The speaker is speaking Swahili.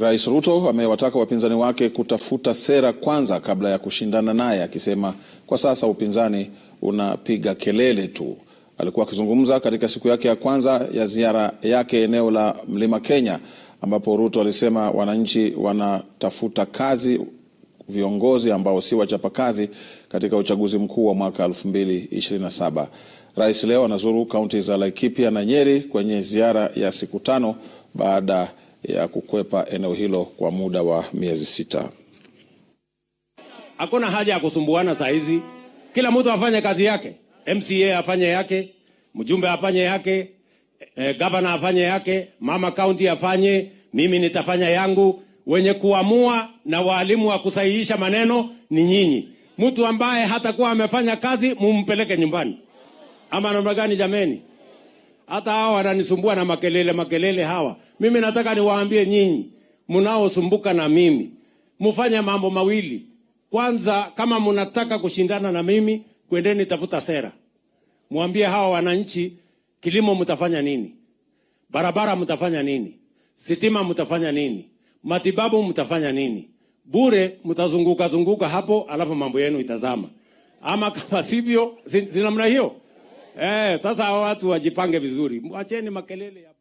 Rais Ruto amewataka wapinzani wake kutafuta sera kwanza kabla ya kushindana naye, akisema kwa sasa upinzani unapiga kelele tu. Alikuwa akizungumza katika siku yake ya kwanza ya ziara yake eneo la Mlima Kenya, ambapo Ruto alisema wananchi wanatafuta kazi, viongozi ambao si wachapakazi katika uchaguzi mkuu wa mwaka 2027. Rais leo anazuru kaunti za Laikipia na Nyeri kwenye ziara ya siku tano baada kukwepa eneo hilo kwa muda wa miezi sita. Hakuna haja ya kusumbuana saa hizi, kila mtu afanye kazi yake. MCA afanye yake, mjumbe afanye yake, e, eh, eh, gavana afanye yake, mama kaunti afanye, mimi nitafanya yangu. Wenye kuamua na waalimu wa kusahihisha maneno ni nyinyi. Mtu ambaye hatakuwa amefanya kazi mumpeleke nyumbani, ama namna gani jameni? hata hawa wananisumbua na makelele makelele hawa. Mimi nataka niwaambie nyinyi mnaosumbuka na mimi, mfanye mambo mawili. Kwanza, kama mnataka kushindana na mimi, kwendeni tafuta sera, mwambie hawa wananchi, kilimo mtafanya nini, barabara mtafanya nini, sitima mtafanya nini, matibabu mtafanya nini. Bure mtazunguka zunguka hapo, alafu mambo yenu itazama, ama kama sivyo, si namna hiyo Eh, sasa watu wajipange vizuri, mwacheni makelele ya